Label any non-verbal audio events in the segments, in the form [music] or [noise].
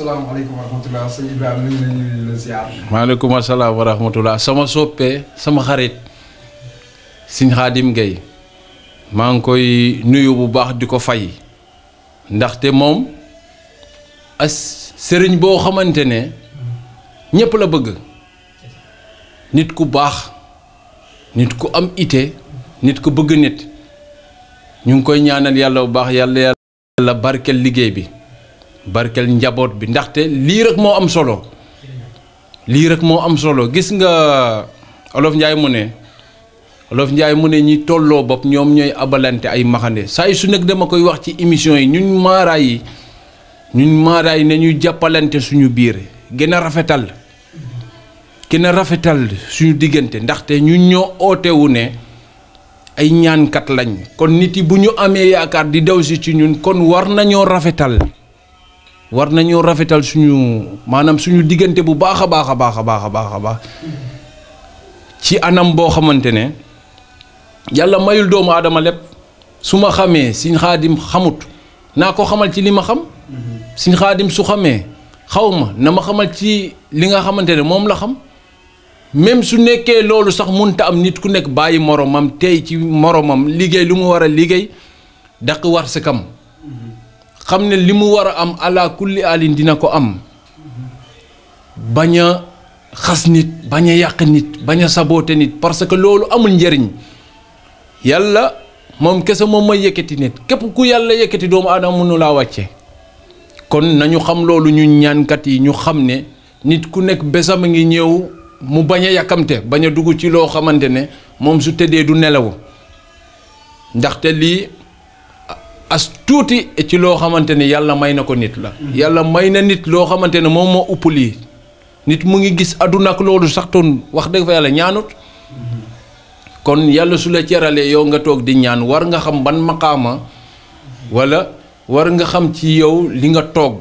salaamaaleykum wa rahmatulah sëñ Ibrahima ñu sama soppee sama xarit sëñ Xaadim Gueye maa ngi koy nuyu bu baax di ko fay ndaxte moom as sëriñ boo xamante ne ñépp la bëgg nit ku baax nit ku am ite nit ku bëgg nit ñu ngi koy ñaanal yàlla bu baax yàlla yàlla barkeel liggéey bi. barkeel njaboot bi ndaxte lii rek moo am solo lii rek moo am solo gis nga olof njaay mu ne olof njaay mu ne ñi tolloo bopp ñoom ñooy abalante ay maxande saa yu su nekk dama koy wax ci émission yi ñun maaraay yi ñun maaraay ne ñuy jàppalante suñu biir gën a rafetal gën rafetal suñu diggante ndaxte ñun ñoo ootewu ne ay ñaankat lañ kon nit yi bu ñu amee yaakaar di daw si ci ñun kon war nañoo rafetal war nañu rafetal suñu maanaam suñu diggante bu baax a baax a baax a baax a baax a baax ci anam boo xamante ne yàlla mayul doomu aadama lépp su ma xamee siñ xaadim xamut naa ko xamal ci li ma xam siñ xaadim su xamee xaw ma na ma xamal ci li nga xamante ne moom la xam même su nekkee loolu sax munta am nit ku nekk bàyyi moromam tey ci moromam liggéey lu mu war a liggéey daq war sa xam ne li mu war a am ala kulli alin dina ko am bañ a xas nit bañ a yàq nit bañ a saboote nit parce que loolu amul njëriñ yàlla moom kese moom may yëkkati nit képp ku yàlla yëkkati doomu aadama mënu laa wàcce kon nañu xam loolu ñu ñaankat yi ñu xam ne nit ku nekk bésam a ngi ñëw mu bañ a yàkkamte bañ a dugg ci loo xamante ne moom su tëddee du nelaw ndaxte lii as tuuti ci loo xamante ne yàlla may na ko nit la. yàlla may na nit loo xamante ne moom moo ëpp lii nit mu ngi gis àdduna ak loolu sax wax dëgg fa yàlla ñaanut. kon yàlla su la ceralee yow nga toog di ñaan war nga xam ban makaama wala war nga xam ci yow li nga toog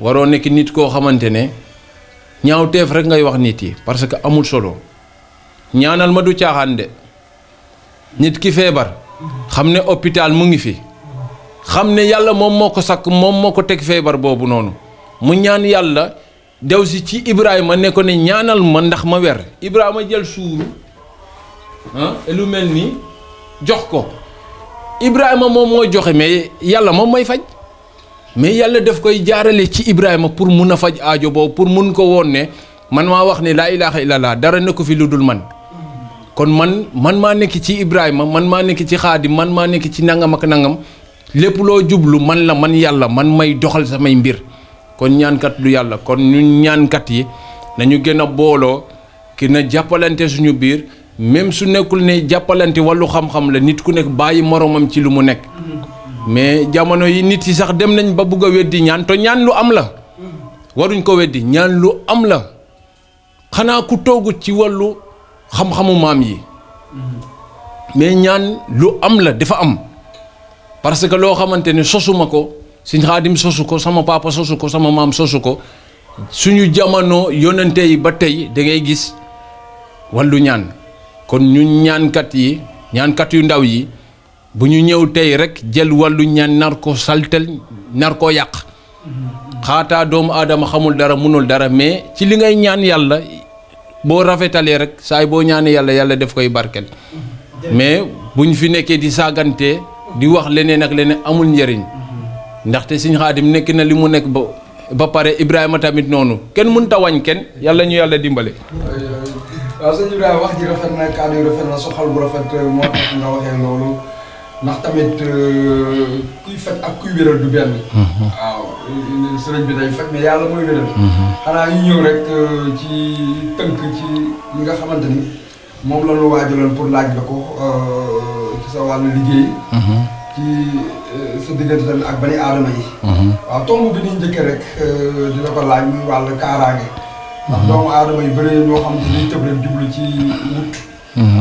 waroo nekk nit koo xamante ne ñaaw teef rek ngay wax nit yi parce que amul solo ñaanal ma du caaxaan de nit ki feebar xam ne hôpital mu ngi fi. xam ne yàlla moom moo ko sakk moom moo ko teg feebar boobu noonu mu ñaan yàlla dew si ci Ibrahima ne ko ne ñaanal ma ndax ma wer Ibrahima jël suuru ah lu mel ni jox ko Ibrahima moom moo joxe mais yàlla moom may faj mais yàlla def koy jaarale ci Ibrahima pour mun a faj aajo boobu pour mun ko woon ne man maa wax ne laa ilaaha illallah dara ne ko fi lu dul man kon man man maa nekk ci Ibrahima man maa nekk ci xaadim man maa nekk ci nangam ak nangam lépp loo jublu man la man yàlla man may doxal samay mbir kon ñaankat lu yàlla kon ñun ñaankat yi nañu gën a booloo ki na jàppalante suñu biir même su nekkul ne jàppalante wàllu xam-xam la nit ku nekk bàyyi moromam ci lu mu nekk mais jamono yi nit yi sax dem nañ ba bugg a weddi ñaan te ñaan lu am la waruñ ko weddi ñaan lu am la xanaa ku toogut ci wàllu xam-xamu maam yi mais ñaan lu am la dafa am parce que loo xamante ne sosuma ko Sëñ Xaadim sosu ko sama papa sosu ko sama maam sosu ko suñu jamono yonente yi ba tey da ngay gis wàllu ñaan kon ñu ñaankat yi ñaankat yu ndaw yi bu ñu ñëw tey rek jël wàllu ñaan nar ko saltel nar koo yàq xaataa doomu aadama xamul dara mënul dara mais ci li ngay ñaan yàlla boo rafetalee rek saay boo ñaanee yàlla yàlla def koy barkel mais buñ fi nekkee di saagante di wax leneen ak leneen amul njëriñ ndaxte sëñ xaadim nekk na li mu nekk ba ba pare Ibrahima tamit noonu kenn mënut a wañ kenn yàlla ñu yàlla dimbale. waaw sëñ Ibrahima rafet na kàddu yi rafet euh, euh, du benn. waaw sëriñ day faj mais yàlla mooy wéral. xanaa ñu ñëw rek euh, ci tënk ci li nga xamante ni moom la ñu waajaloon pour laaj la ko. ci sa wàllu liggéey. Mhm. ci euh, sa diggante tamit ak bani aadama yi. Mhm. waaw tomb bi ni njëkkee rek euh, di ko laaj muy wàllu kaaraange. ndax mhm. doomu aadama yu bëri ñoo xam ne dañuy tëb rek jublu ci wut.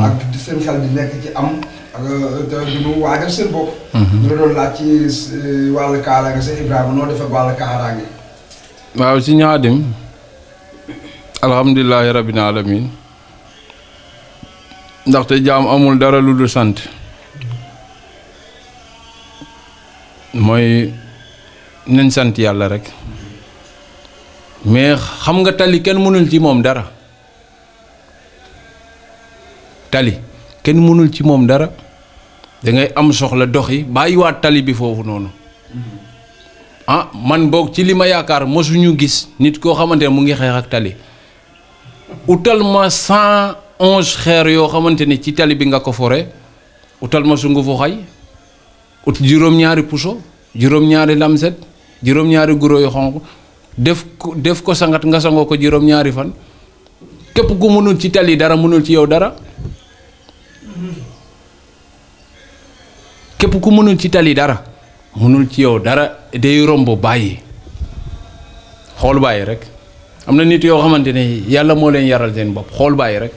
ak seen xel di nekk ci am. ak euh, te du ñu seen bopp. ñu doon laaj ci wàll kaaraange sa Ibrahima noo defee wàllu kaaraange. waaw si ñaadim alhamdulilahi rabbil alamin ndaxte jaam amul dara lu dul sant mooy nañ sant yàlla rek mais xam nga tali kenn mënul ci moom dara tali kenn mënul ci moom dara dangay am soxla doxi bàyyiwaat tali bi foofu noonu ah man boog ci li ma yaakaar ñu gis nit koo xamante ne mu ngi xeex ak tali utal ma cent onze xeer yoo xamante ne ci tali bi nga ko fore utal ma sungufu xay ut juróom-ñaari puso juróom-ñaari lamset juróom-ñaari guro yu xonq def ko def ko sangat nga sangoo ko juróom-ñaari fan képp ku mënul ci tali dara mënul ci yow dara képp ku mënul ci tali dara mënul ci yow dara day romb bàyyi xool bàyyi rek am na nit yoo xamante ne yàlla moo leen yaral seen bopp xool bàyyi rek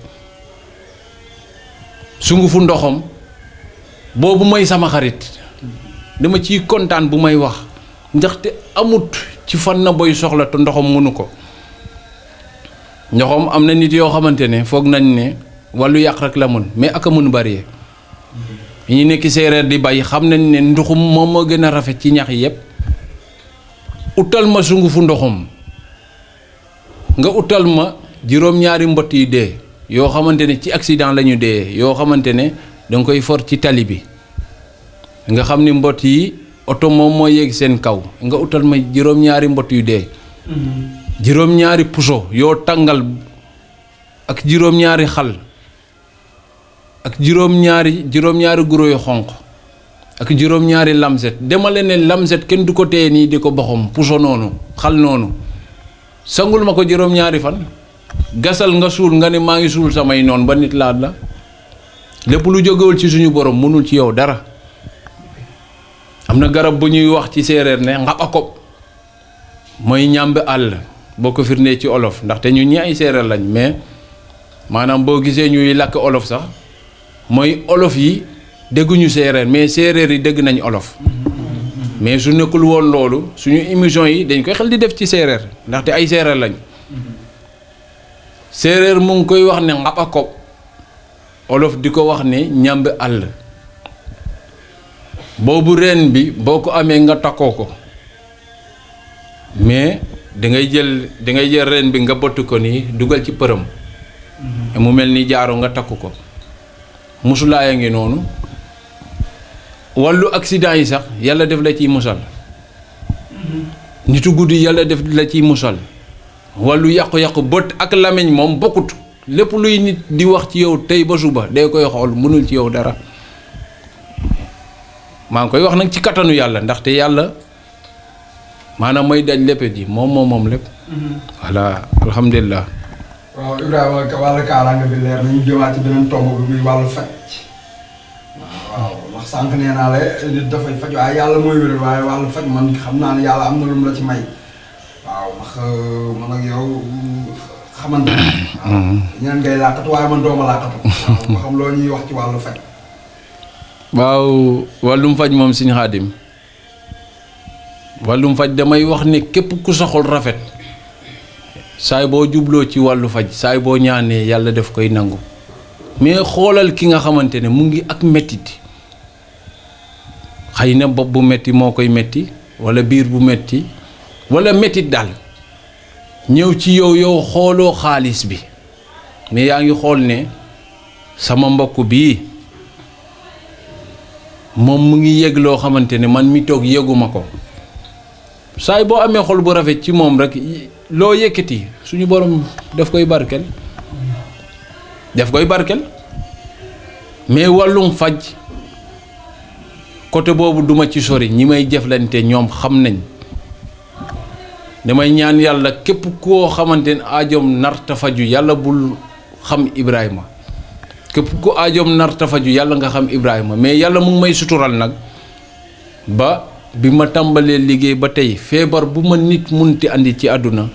sungufu ndoxam boobu mooy sama xarit dama ciy kontaan bu may wax njaxte amut ci fan na boy soxla te ndoxam mënu ko ndoxam am na nit yoo xamante ne foog nañ ne wàllu yàq rek la mën mais aka a mën bari ñu nekk séeréer di bay xam nañ ne ndoxum moom moo gën a rafet ci ñax yi yépp utal ma sungufu ndoxum nga utal ma juróom-ñaari mbott yi dee yoo xamante ne ci accident lañu ñu dee yoo xamante ne danga koy for ci tali bi nga xam ni mbott yi oto moom moo yéeg seen kaw nga utal ma juróom-ñaari mbott yu dee mm-hmm. juróom-ñaari puso yoo tàngal ak juróom-ñaari xal ak juróom-ñaari juróom-ñaari guro yu xonq ak juróom-ñaari lamset demale ne lamset kenn du ko téye nii di ko boxom puso noonu xal noonu sangul ma ko juróom-ñaari fan gasal nga suul nga ne maa ngi suul samay noon ba nit laat la lépp lu jógewul ci suñu borom mënul ci yow dara am na garab bu ñuy wax ci séeréer ne ngab akob mooy ñàmbi àll boo ko firndee ci olof ndaxte ñu ñi ay séeréer lañ mais maanaam boo gisee ñuy làkk olof sax mooy olof yi dégguñu séeréer mais séeréer yi dégg nañ olof mais su nekkul woon loolu suñu émission yi dañ koy xel di def ci séeréer ndaxte ay séeréer lañ séeréer mu ngi koy wax ne ngab akob olof di ko wax ne ñàmb àll boobu reen bi boo ko amee nga takkoo ko mais dangay jël dangay jël reen bi nga bottu ko nii dugal ci përëm mhm. mu mel ni jaaro nga takku ko musulaay a ngi noonu wàllu accident yi sax yàlla def la ciy musal mhm. nitu guddi yàlla def la ciy musal wàllu yàqu-yàqu bët ak làmmiñ moom bokkut lépp luy nit di wax ci yow tey ba suba day koy xool mënul ci yow dara maa ngi koy wax nag ci kattanu yàlla ndaxte yàlla maanaam mooy daj lépp ji moom moom moom lépp. voilà alhamdulilah. waaw Ibrahima wàllu kaaraange bi leer nañu jëmaat ci beneen tomb bi muy wàllu faj. waaw ndax sànq nee naa la nit dafay faj waaye yàlla mooy wér waaye wàllu faj man xam naa ne yàlla am na lu mu la ci may. waaw ndax euh, man ak yow xamante ne. [coughs] Mm-hmm. ñeneen ngay làqatu waaye man dooma làqatu. waaw xam loo ñuy wax ci wàllu faj. waaw wàllum faj moom Sëñ Xaadim wàllum faj damay wax ne képp ku soxol rafet saay boo jubloo ci wàllu faj saay boo ñaanee yàlla def koy nangu mais xoolal ki nga xamante ne mu ngi ak mettit xëy na bopp bu metti moo koy metti wala biir bu metti walla mettit daal ñëw ci yow yow xooloo xaalis bi mais yaa ngi xool ne sama mbokk bii moom mu ngi yëg loo xamante ne man mi toog yëguma ko saay boo amee xol bu rafet ci moom rek loo yëkkati suñu borom daf koy barkel daf koy barkel mais wàllum faj côté boobu duma ci sori ñi may jëflante ñoom xam nañ damay ñaan yàlla képp koo xamante ne aajoom narta faju yàlla bul xam Ibrahima képp ku aajoom nar tafaju yàlla nga xam Ibrahima mais yàlla mu ngi may sutural nag ba bi ma tàmbalee liggéey ba tey feebar bu ma nit munti andi ci àdduna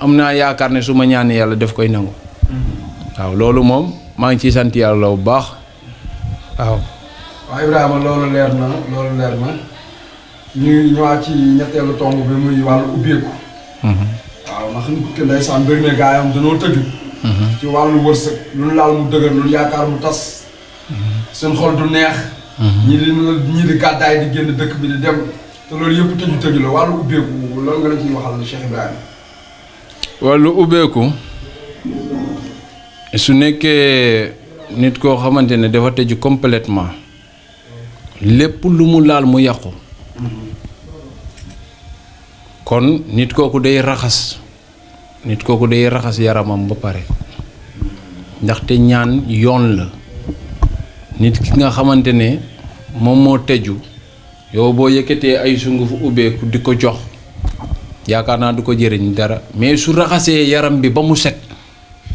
am naa yaakaar ne su ma ñaan yàlla def koy nangu mm-hmm. waaw loolu moom maa ngi ciy sant yàlla bu baax waaw waaw loolu leer na loolu leer na ñu ñëwaat ci ñetteelu tomb bi muy wàllu ubbeeku mm-hmm. waaw ndax nit ki ndeysaan bëri na gaayam danoo tëju Mm-hmm. ci wàllu wërsëg lu laal mu dëgër lu yaakaar mu tas mm-hmm. seen xol du neex mm-hmm. ñi di ñii di gàddaay di génn dëkk bi di dem te loolu yëpp tëju tëju la wàllu ubbeeku loolu nga la ciy waxal Cheikh Ibrahima wàllu ubbeeku su nekkee nit koo xamante ne dafa tëju complètement lépp lu mu laal mu yàqu kon nit kooku day raxas nit kooku day raxas yaramam ba pare ndaxte ñaan yoon la nit ki nga xamante ne moom moo teju yow boo yëkkatee ay sunguf ubbeeku di ko jox yaakaar naa du ko jëriñ dara mais su raxasee yaram bi ba mu set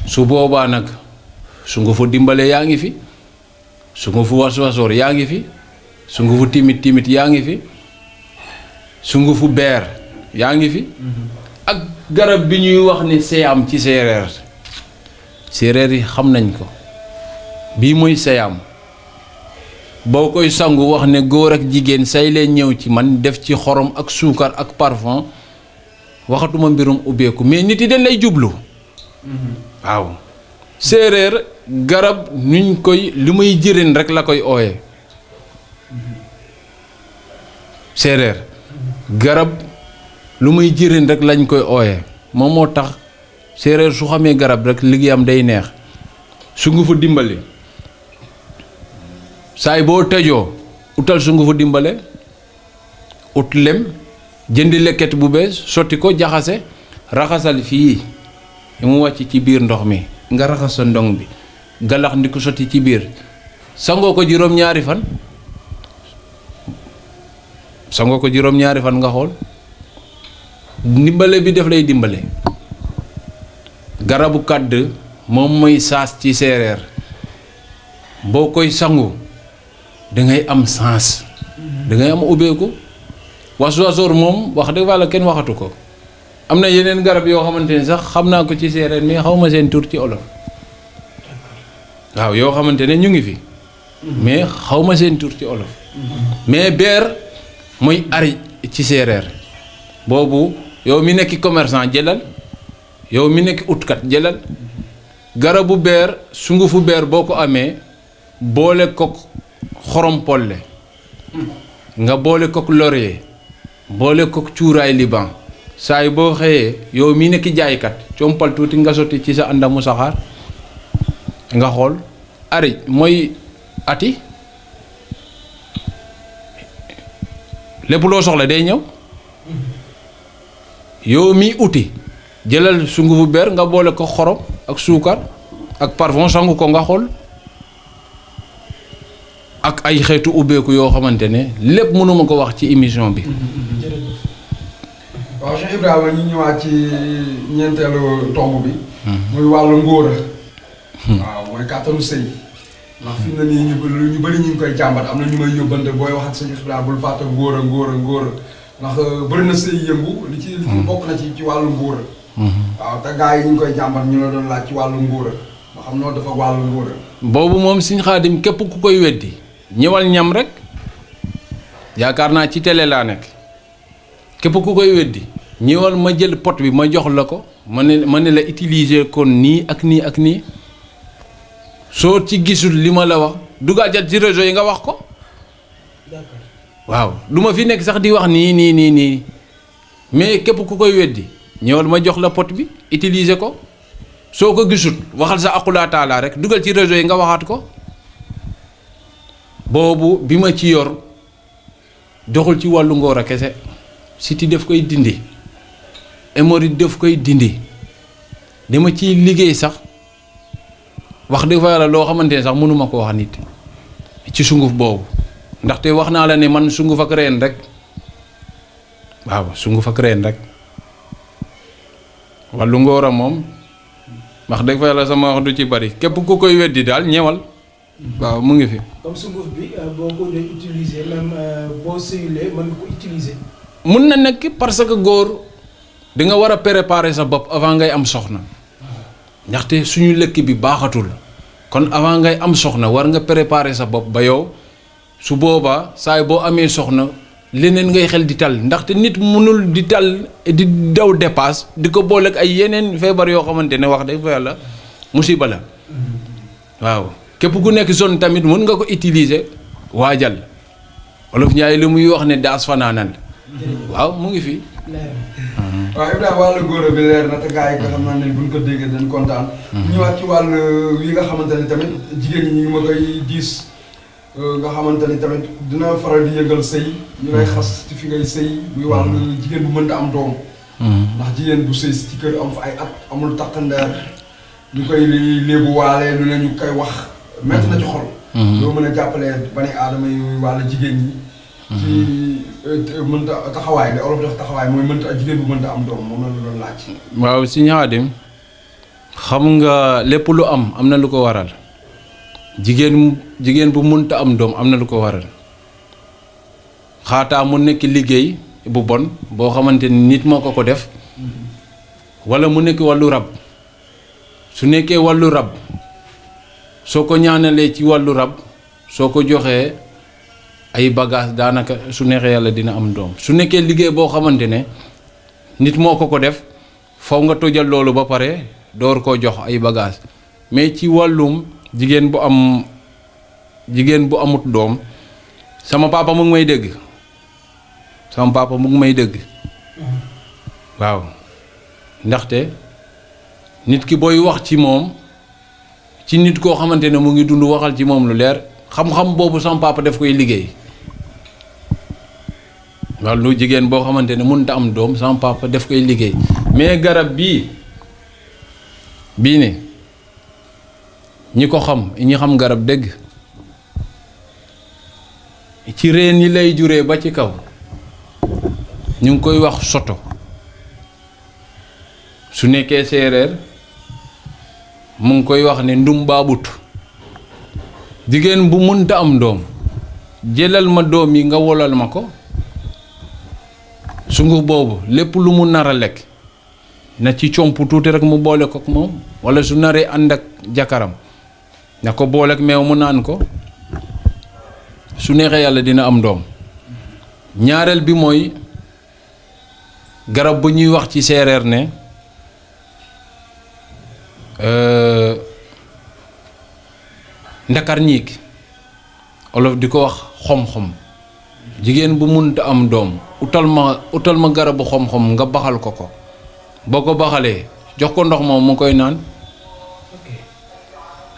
su boobaa nag sungufu dimbale yaa ngi fi sungufu waswasoor yaa ngi fi sungufu timit timit yaa ngi fi sungufu beer yaa ngi fi ak garab bi ñuy wax ni seeyam ci séeréer séeréer yi xam nañ ko bii mooy seeyam boo koy sangu wax ne góor ak jigéen say leen ñëw ci man def ci xorom ak suukar ak parfum waxatuma mbirum ubbeeku mais nit yi dañ lay jublu mm-hmm. waaw séeréer garab nuñ koy li muy jëriñ rek la koy ooye mm-hmm. séeréer garab lu muy jirin rek lañ koy ooye moom moo tax séeréer su xamee garab rek liggéeyam day neex sungufu dimbali saay boo tëjoo utal sungufu dimbale ut lem jëndi leket bu bees sotti ko jaxase raxasal fii mu wàcc ci biir ndox mi nga raxas sa ndong bi galax ndi ko sotti ci biir sangoo ko juróom-ñaari fan sangoo ko juróom-ñaari fan nga xool ndimbale bi def lay dimbale garabu kàdd moom mooy saas ci séeréer boo koy sangu dangay am sens dangay am ubbeeku waswasoor moom wax dëgg wàlla kenn waxatu ko am na yeneen garab yoo xamante ni sax xam naa ko ci séeréer mais xaw ma seen tur ci olof waaw yoo xamante ne ñu ngi fi mais xaw ma seen tur ci olof mais beer mooy ari ci séeréer boobu yow mi nekk commerçant jëlal yow mi nekk utkat jëlal garabu beer sungufu beer boo ko amee boole kook xorom nga boole kook laurier boole kook cuuraay liban saay boo xëyee yow mi nekki jaaykat compal tuuti nga sotti ci sa àndamu saxaar nga xool ari mooy ati lépp loo soxla day ñëw yow mi uti jëlal sungufu beer nga boole ko xorom ak suukar ak parfum sangu ko nga xool ak ay xeetu ubbeeku yoo xamante ne lépp mënuma ko wax ci émission bi waaw Cheikh Ibrahima ñu ñëwaat ci ñeenteelu tomb bi hmm. muy wàllu ngóor hmm. waaw mooy kàttanu sëy ndax fi mu nii ñu bëri ñu ngi koy jàmbat am na ñu may yóbbante booy wax ak sëñ Ibrahima bul fàtte ngóor a ngóor ndax euh, bëri na sëy yëngu li ci hmm. bokk na ci ci wàllu ngóora hmm. waaw te ñu koy jàmbat ñu la doon laaj ci wàllu ngóora ma xam noo dafa wàllu ngóora boobu moom suñ xaadim képp ku koy weddi ñëwal ñam rek yaakaar naa ci tele laa nekk képp ku koy weddi ñëwal ma jël pot bi ma jox la ko ma ne ma ne la utiliser kon nii ak nii ak nii soo ci gisul li ma la wax dugal jat ci réseau yi nga wax ko waaw du ma fi nekk sax di wax nii nii nii nii mais képp ku koy weddi ñëwal ma jox la pot bi utilise ko soo ko gisul waxal sa aqulaa rek dugal ci réseau yi nga waxaat ko boobu bi ma ci yor doxul ci wàllu ngoor a kese siti daf koy dindi hémorroïde daf koy dindi dama ciy liggéey sax wax dëgg fa loo xamante ne sax mënuma ko wax nit ci sunguf boobu ndaxte wax naa la ne man sunguf ak reen rek waaw sunguf ak reen rek wàllu ngóor a moom wax dëgg fa yàlla sama wax du ci bari képp ku koy weddi daal ñëwal waaw mu ngi fi. comme sunguf bi euh, boo ko dee euh, mun na nekk parce que góor di nga war a préparer sa bopp avant ngay am soxna ndaxte suñu lëkk bi baaxatul kon avant ngay am soxna war nga préparer sa bopp ba yow. su boobaa saay boo amee soxna leneen ngay xel di tal ndaxte nit mënul di tal di daw dépasse di ko booleeg ay yeneen feebar yoo xamante ne wax dëgg fa yàlla musiba waaw képp ku nekk zone tamit mën nga ko utiliser waajal olof ñaay li muy wax ne daas fanaanan waaw mu ngi fi. waaw Ibrahima wàllu góor bi leer na te gars yi nga xam ne buñ ko déggee dañ kontaan. Hmm. ñu wax ci wàllu yi nga xamante ne tamit jigéen ñi ngi ma koy diis. Euh, nga xamante ni tamit dina faral di yëngal sëy ñu lay mm-hmm. xas ci fi ngay sëy buy wax mm-hmm. jigéen bu mën mënta am doom mm-hmm. ndax jigéen bu sëy ci kër am fa ay at amul takkandeer ñu koy léebu waale lu ne ñu koy wax metti na ci xol loo mën a jàppalee bani aadama yi wàlla jigéen ñi ci euh, mënta taxawaay la olof def taxawaay mooy mënta jigéen bu mënta am doom moom la doon laaj waaw si ñaadim xam nga lépp lu am am na lu ko waral jigéen jigéen bu munta am doom am na lu ko waral xaataa mu nekk liggéey bu bon boo xamante ni nit moo ko ko def wala mu nekk wàllu rab su nekkee wàllu rab soo ko ñaanalee ci wàllu rab soo ko joxee ay bagage daanaka su neexee yàlla dina am doom su nekkee liggéey boo xamante ne nit moo ko ko def faw nga tojal loolu ba pare door koo jox ay bagaas mais ci wàllum jigéen bu am jigéen bu amut doom sama papa mu ngi may dégg sama papa mu ngi may dégg waaw ndaxte nit ki booy wax ci moom ci nit koo xamante ne mu ngi dund waxal ci moom lu leer xam-xam boobu sama papa daf koy liggéey wàllu jigéen boo xamante ne mënut a am doom sama papa daf koy liggéey mais garab bii bii ne ñi ko xam ñi xam garab dégg ci reen yi lay jure ba ci kaw ñu ngi koy wax soto su nekkee séeréer mu ngi koy wax ne ndum baabut jigéen bu mënta am doom jëlal ma doom yi nga wolal ma ko sunguf boobu lépp lu mu nar a lekk na ci comp tuuti rek mu boole ko moom walla su naree ànd ak jakaram na ko booleeg meew mu naan ko su neexee yàlla dina am doom ñaareel bi mooy garab bu ñuy wax ci séeréer ne euh, ndakar ñiig olof di ko wax xom-xom jigéen bu munta am doom utal ma utal ma garabu xom-xom nga baxal ko ko boo ko baxalee jox ko ndox moom mu koy naan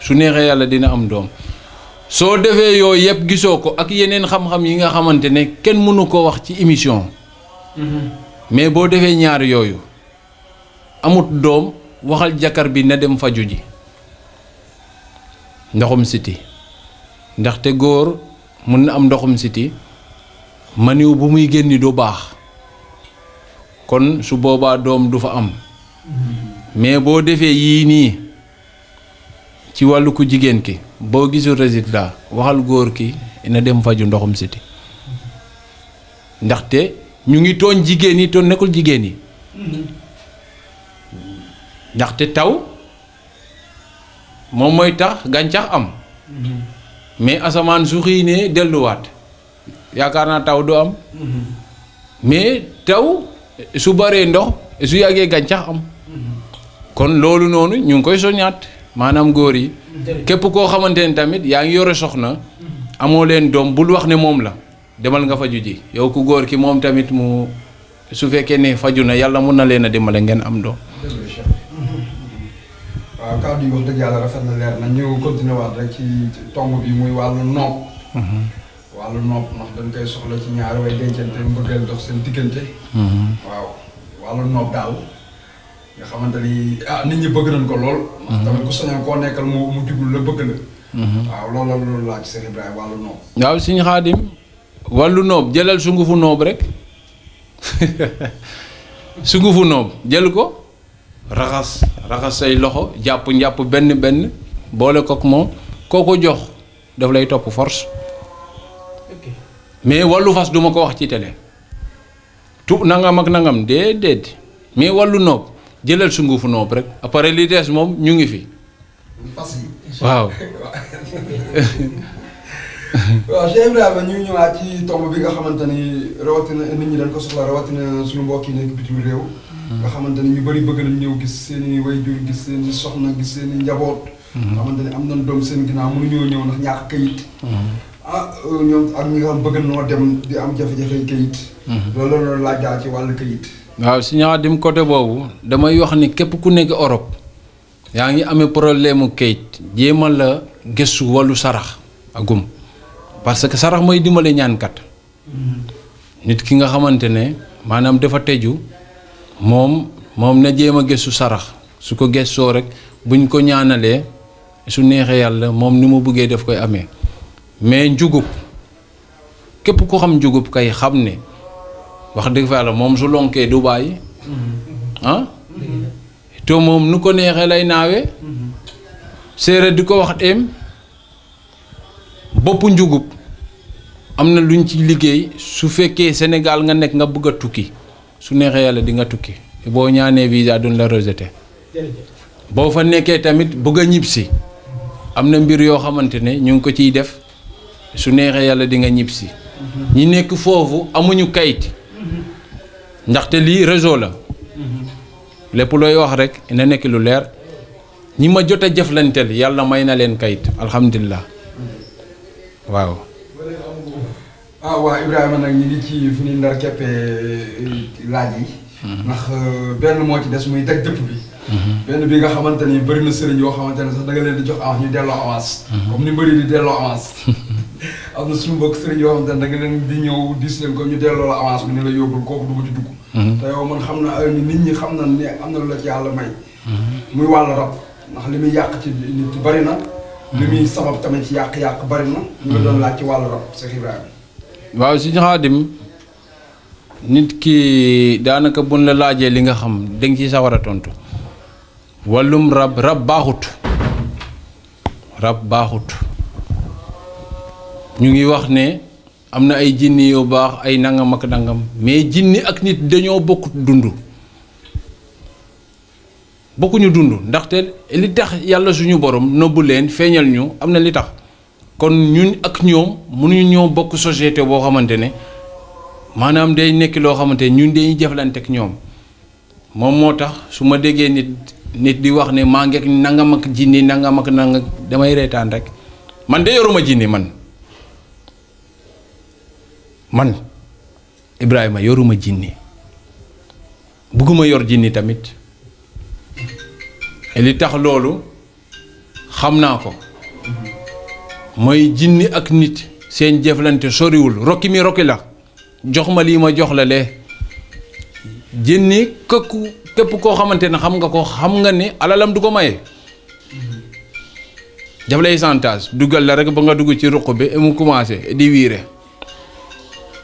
su neexee yàlla dina am doom soo defee yooyu yëpp gisoo ko ak yeneen xam-xam yi nga xamante ne kenn mënu ko wax ci émission mm-hmm. mais boo defee ñaar yooyu amut doom waxal jàkkar bi na dem faju ji ndoxum siti ndaxte góor mun na am ndoxum siti maniw bu muy génn du baax kon su boobaa doom du fa am mm-hmm. mais boo defee yii nii ci wàllu jigéen ki boo gisul résultat waxal góor ki na dem faju ndoxum siti ndaxte ñu ngi tooñ jigéen yi tooñ nekkul jigéen yi ndaxte taw moom mooy tax gàncax am mais asamaan su xiinee delluwaat yaakaar naa taw du am mais taw su baree ndox su yàggee gàncax am kon loolu noonu ñu ngi koy soñaat maanaam góor yi. képp koo xamante ne tamit yaa ngi yore soxna. amoo leen doom bul wax ne moom la demal nga faju ji yow ku góor ki moom tamit mu su fekkee ne faju na yàlla mun na leen a dimbale ngeen am doom. waaw kàddu yi wax dëgg yàlla rafet na leer na ñu continuer waat rek ci tomb bi muy wàllu nopp. Mhm. wàllu nopp ndax dañ koy soxla ci ñaar way dencante dox seen diggante. Mhm. waaw wàllu nopp daal. nga xamante ni ah nit ñi bëgg nañ ko lool. Mhm. tamit ku sañoon koo nekkal mu mu la bëgg la. Mhm. waaw loolu la loolu laa wàllu noob. waaw suñu xaadim wàllu noob jëlal sungufu noob rek [laughs] sungufu noob jël ko raxas raxas say loxo jàpp jàpp benn benn boole kook moom koo ko jox daf lay topp force mais wàllu fas duma ko wax ci télé. tu nangam ak nangam déedéet mais wàllu noob. jëlal sungufu noob rek après li des moom ñu ngi fi. waaw. [laughs] waaw Cheikh Ibrahima ñu ñëwaat ci tomb bi nga xamante ni rawatina nit ñu dañ ko soxla rawatina suñu mbokk yi nekk bitim réew. Hmm. nga xamante ni ñu bari bëgg nañ ñëw gis seen i wayjur gis seen i soxna gis seen i njaboot. Hmm. nga xamante am nañ doom seen ginnaaw mënuñoo ñëw ndax ñàkk kayit. Hmm. ah euh, ñoom ak ñi xam bëgg noo dem di am jafe-jafe kayit. loolu la laaj ci wàllu kayit. waaw si ñaadim côté boobu damay wax ni képp ku nekk orop yaa ngi amee problème mu kayit jéema la gëstu wàllu sarax agum parce que sarax mooy dimbale ñaankat nit ki nga xamante ne maanaam dafa teju moom moom na jéem a gëstu sarax su ko gëstoo rek buñ ko ñaanalee su neexee yàlla moom ni mu bëggee daf koy amee mais njugub képp ko xam njugub kay xam ne. wax dëgg fa yàlla moom su lonkee du bàyyi ah te moom nu ko neexee lay naawe séeréer di ko wax teem boppu njugub am na luñ ci liggéey su fekkee Sénégal nga nekk nga bëgg a tukki su neexee yàlla dinga tukki boo ñaanee visa duñ la rejeté boo fa nekkee tamit bëgg a ñib am na mbir yoo xamante ne ñu ngi ko ciy def su neexee yàlla di nga ñib si ñi nekk foofu amuñu kayit ndaxte lii réseau la lépp looy wax rek na nekk lu leer ñi ma jot a jëflanteel yàlla may na leen kayit alhamdulilah waaw. ah waa Ibrahima nag ñu ngi ci fu ñuy ndar keppee laaj yi. Hmm. ndax euh, benn moo ci des muy daj dëpp bi. benn bi nga xamante ni bëri na sëriñ yoo xamante ne sax da nga leen di jox avance ñu delloo avance. Mhm. comme ni bëri di delloo avance. [laughs] am na suñu mbokk sëriñ yoo xamante ne da nga leen di ñëw diis leen ko ñu delloo la avance bi ni la yóbbul kooku dugg ci dugg. Mhm. te yow man xam na nit ñi xam na ne am na lu la ci yàlla may. Mhm. muy wàllu rab ndax li muy yàq ci nit bari na. li muy sabab tamit ci yàq-yàq bari na. ñu doon laaj ci wàllu rab Cheikh Ibrahima. waaw si Xaadim nit ki daanaka buñ la laajee li nga xam da nga ciy sawar a tontu. wàllum rab rab baaxut rab baaxut ñu ngi wax ne am na ay jinni yu baax ay nangam ak nangam mais jinni ak nit dañoo bokkut dund bokkuñu dund ndaxte li tax yàlla suñu borom nëbbu leen feeñal ñu am na li tax kon ñun ak ñoom mënuñu ñoo bokk société boo xamante ne maanaam day nekk loo xamante ne ñun dañuy jëflante ak ñoom moom moo tax su ma déggee nit nit di wax ne maa ngeeg nangam ak jinne nanga ak nangam damay reetaan rek man de yoruma jinni man man Ibrahima yoruma jinne bugguma yor jinne tamit li tax loolu xam naa ko mooy jinni ak nit seen jëflante soriwul rokki mi rokki la jox ma lii ma jox la lee jinni këkku képp koo xamante ne xam nga ko xam nga ni alalam du ko may daf lay chantage duggal la rek ba nga dugg ci ruq bi mu commencé di wiire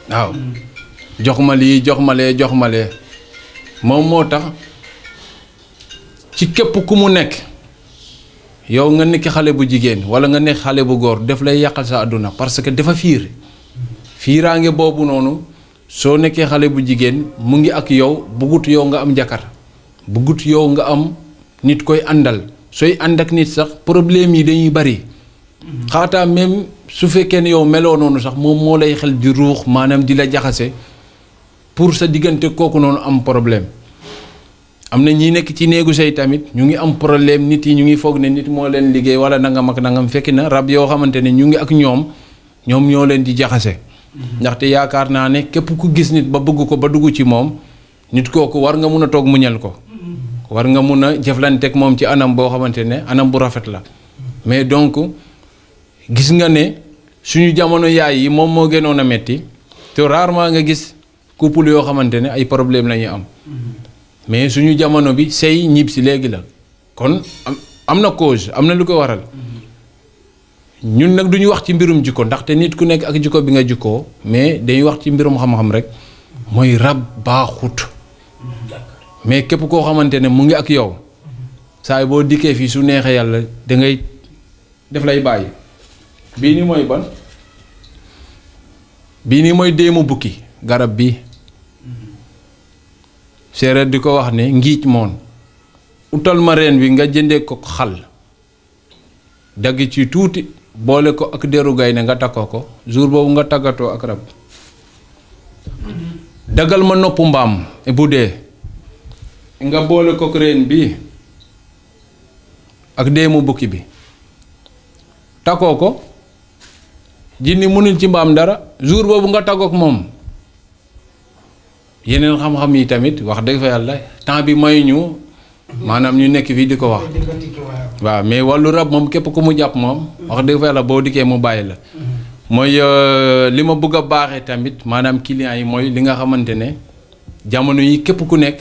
waaw jox ma lii jox ma lee jox ma lee moom moo tax ci képp ku mu nekk yow nga nekk xale bu jigéen wala nga nekk xale bu góor daf lay yàqal sa àdduna parce que dafa fiir fiiraange boobu noonu soo nekkee xale bu jigéen mu ngi ak yow bëggut yow nga am jàkkar bëggut yow nga am nit koy àndal sooy ànd ak nit sax problème yi dañuy bari xaataa même su fekkee ne yow meloo noonu sax moom moo lay xel di ruux maanaam di la jaxase pour sa diggante kooku noonu am problème am na ñi nekk ci néegu say tamit ñu ngi am problème nit yi ñu ngi foog ne nit moo leen liggéey wala nangam ak nangam fekki na rab yoo xamante ne ñu ngi ak ñoom ñoom ñoo leen di jaxase ndaxte yaakaar naa ne képp ku gis nit ba bëgg ko ba dugg ci moom nit kooku war nga mun a toog muñal ko war nga mun a jëflanteeg moom ci anam boo xamante ne anam bu rafet la mais donc gis nga ne suñu jamono yaay yi moom moo gënoon a metti te rarement nga gis couple yoo xamante ne ay problème la ñuy am mais suñu jamono bi sëy ñibb si léegi la kon am na cose am na lu ko waral ñun nag duñu wax ci mbirum jikko ndaxte nit ku nekk ak jikko bi nga jikkoo mais dañuy wax ci mbirum xam-xam rek mooy rab baaxut mais képp koo xamante ne mu ngi ak yow saay boo dikkee fii su neexee yàlla da ngay def lay bàyyi bii ni mooy ban bii nii mooy déemu bukki garab bi séeréer di ko wax ne ngiic moon utal ma reen bi nga jëndee ko xal dagg ci tuuti boole ko ak deru gaynde nga takkoo ko jour boobu nga tàggatoo ak rab dagal ma noppu mbaam bu dee nga boole ko reen bi ak deemu bukki bi takkoo ko jinni mënul ci mbaam dara jour boobu nga taggook moom yeneen xam-xam yi tamit wax dëgg yàlla temps bi mayuñu maanaam ñu nekk fii di ko wax waaw mais wàllu rab moom képp ku mu jàpp moom. wax dëgg fa yàlla boo dikkee mu bàyyi la. mooy euh, li ma bëgg a baaxee tamit maanaam clients yi mooy li nga xamante ne jamono yi képp ku nekk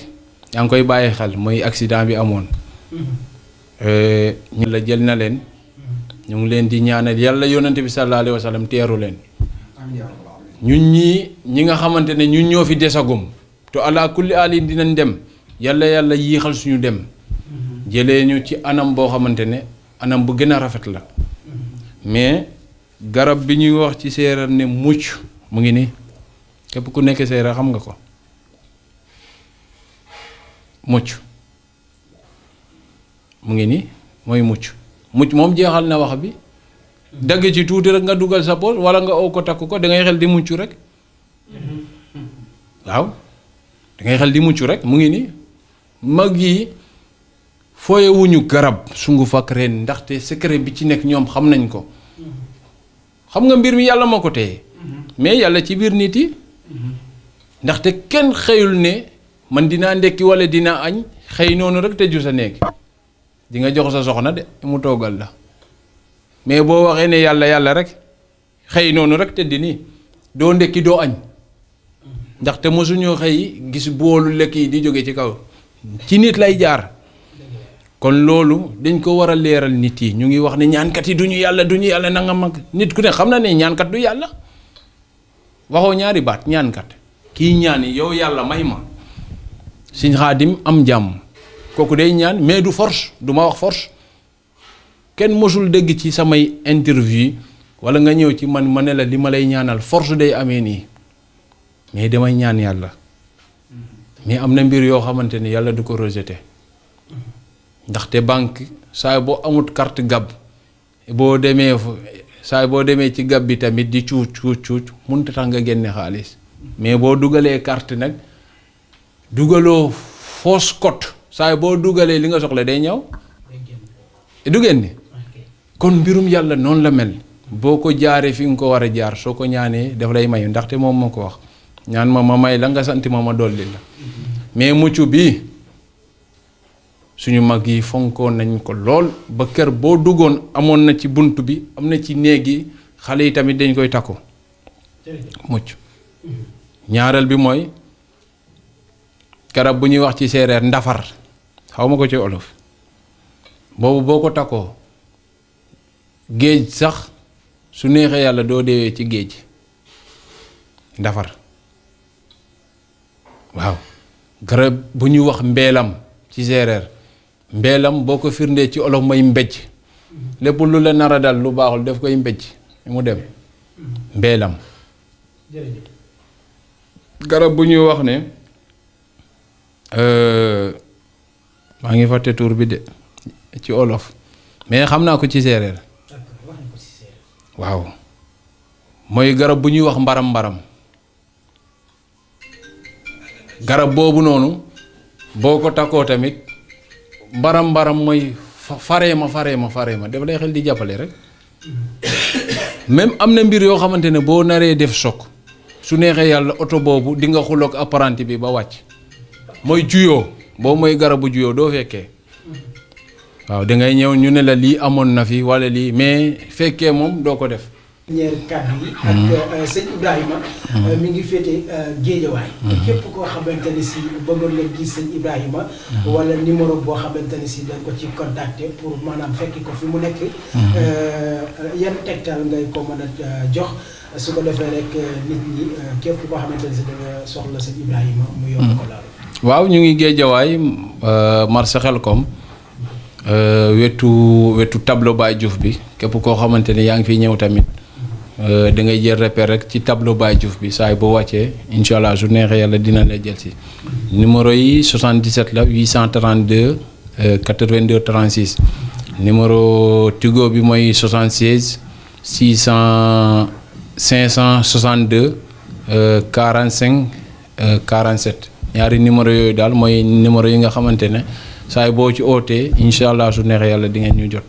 yaa ngi koy bàyyi xel mooy accident bi amoon. Euh, ñu la jël na leen. ñu ngi leen di ñaanal yàlla yonante bi sallallahu alayhi wa teeru leen. ñun ñii ñi nga xamante ne ñu ñoo fi desagum. te ala kulli alin dinañ dem yàlla yàlla yiixal suñu dem. jëlee ñu ci anam boo xamante ne anam bu gën a rafet la mais garab bi ñuy wax ci séeréer ne mucc mu ngi nii képp ku nekk séeréer xam nga ko mucc mu ngi nii mooy mucc mucc moom jeexal na wax bi dagg ci tuuti rek nga dugal sa poos wala nga oo ko takk ko da ngay xel di muccu rek waaw da xel di muccu rek mu ngi nii mag yi fooyewuñu garab sunguf ak reen ndaxte secret bi ci nekk ñoom xam nañ ko xam nga mbir mi yàlla moo ko téye mais yàlla ci biir nit yi ndaxte kenn xëyul ne man dinaa ndekki wala dinaa añ xëy noonu rek tëju sa néeg nga jox sa soxna de mu toogal la mais boo waxee ne yàlla yàlla rek xëy noonu rek tëdd nii doo ndekki doo añ ndaxte mosuñoo xëy gis boolu lekk yi di jóge ci kaw ci nit lay jaar kon loolu dañ ko war a leeral nit yi ñu ngi wax ne ñaankat yi du ñu yàlla du ñu yàlla nanga nga mag nit ku ne xam na ne ñaankat du yàlla waxoo ñaari baat ñaankat kii ñaan yow yàlla may ma Sëñ Xaadim am jàmm kooku day ñaan mais du force du ma wax force kenn mosul dëgg ci samay interview wala nga ñëw ci man ma ne la li ma lay ñaanal force day amee nii mais damay ñaan yàlla mais am na mbir yoo xamante ne yàlla du ko rejeté ndaxte bànk saa boo amut carte gàbb boo demee saay boo demee ci gab bi tamit di cuut cuut cuuc mënut tax nga génne xaalis mais boo dugalee carte nag dugaloo foos code saay boo dugalee li nga soxla day ñëw du génne kon mbirum yàlla noonu la mel boo ko jaaree fi nga ko war a jaar soo ko ñaanee daf lay mayu ndaxte moom ma ko wax ñaan ma ma may la nga sant ma ma dolli la mais mucc bi suñu mag yi fonkoon nañ ko lool ba kër boo duggoon amoon na ci bunt bi am na ci néeg yi xale yi tamit dañ koy takku mucc ñaareel bi mooy garab bu ñuy wax ci séeréer ndafar xaw ma ko ci olof boobu ko takkoo géej sax su neexee yàlla doo deewee ci géej ndafar waaw garab bu ñuy wax mbeelam ci séeréer mbeelam boo ko firndee ci olof mooy mbéj lépp lu la nar dal lu baaxul def koy mbéj mu dem mbeelam garab bu ñuy wax ne euh, maa ngi fàtte tur bi de ci olof mais xam naa ko ci séeréer waaw mooy garab bu ñuy wax mbaram mbaram garab boobu noonu boo ko takkoo tamit mbaram mbaram mooy faree ma faree ma faree ma daf lay xel di jàppale rek même am na mbir yoo xamante ne boo naree def choc su neexee yàlla oto boobu di nga xuloog apprenti bi ba wàcc mooy juyoo boo mooy garabu juyoo doo fekkee waaw dangay ñëw ñu ne la lii amoon na fi walla lii mais fekkee moom doo ko def. ñeer kàddu yi hmm. ak euh, sëñ Ibrahima hmm. euh, mi ngi féete euh, géejawaay hmm. képp koo xamante ni si bëggoon gis sëñ Ibrahima wala numéro boo xamante ni si dañ ko ci contacter pour maanaam fekki fi mu nekk yan tegtal ngay ko koo xamante ni soxla sëñ ñu ngi géejawaay marché Xelkom wetu wetu tableau Baye Diouf bi képp koo xamante ni yaa ngi fiy ñëw tamit Euh, da ngay jël repère rek ci tableau Baye Diouf bi saa boo wàccee incha allah su neexee yàlla dina la jël si numéro yi 77 la 832 82 36 numéro Tigo bi mooy 76 600 562 45 47 ñaari numéro yooyu daal mooy numéro yi nga xamante ne saa boo ci ootee incha allah su neexee yàlla di ngeen ñu jot.